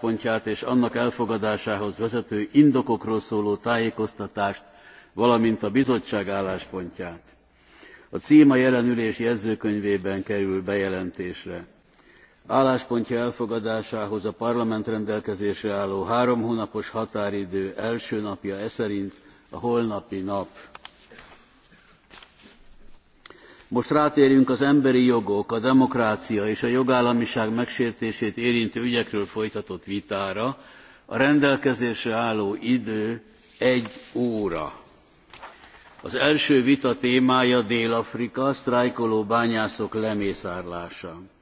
pontját és annak elfogadásához vezető indokokról szóló tájékoztatást, valamint a bizottság álláspontját. A cím a jelen jegyzőkönyvében kerül bejelentésre. Álláspontja elfogadásához a parlament rendelkezésre álló három hónapos határidő első napja eszerint a holnapi nap most rátérünk az emberi jogok a demokrácia és a jogállamiság megsértését érintő ügyekről folytatott vitára a rendelkezésre álló idő egy óra. Az első vita témája Dél-Afrika, sztrájkoló bányászok lemészárlása.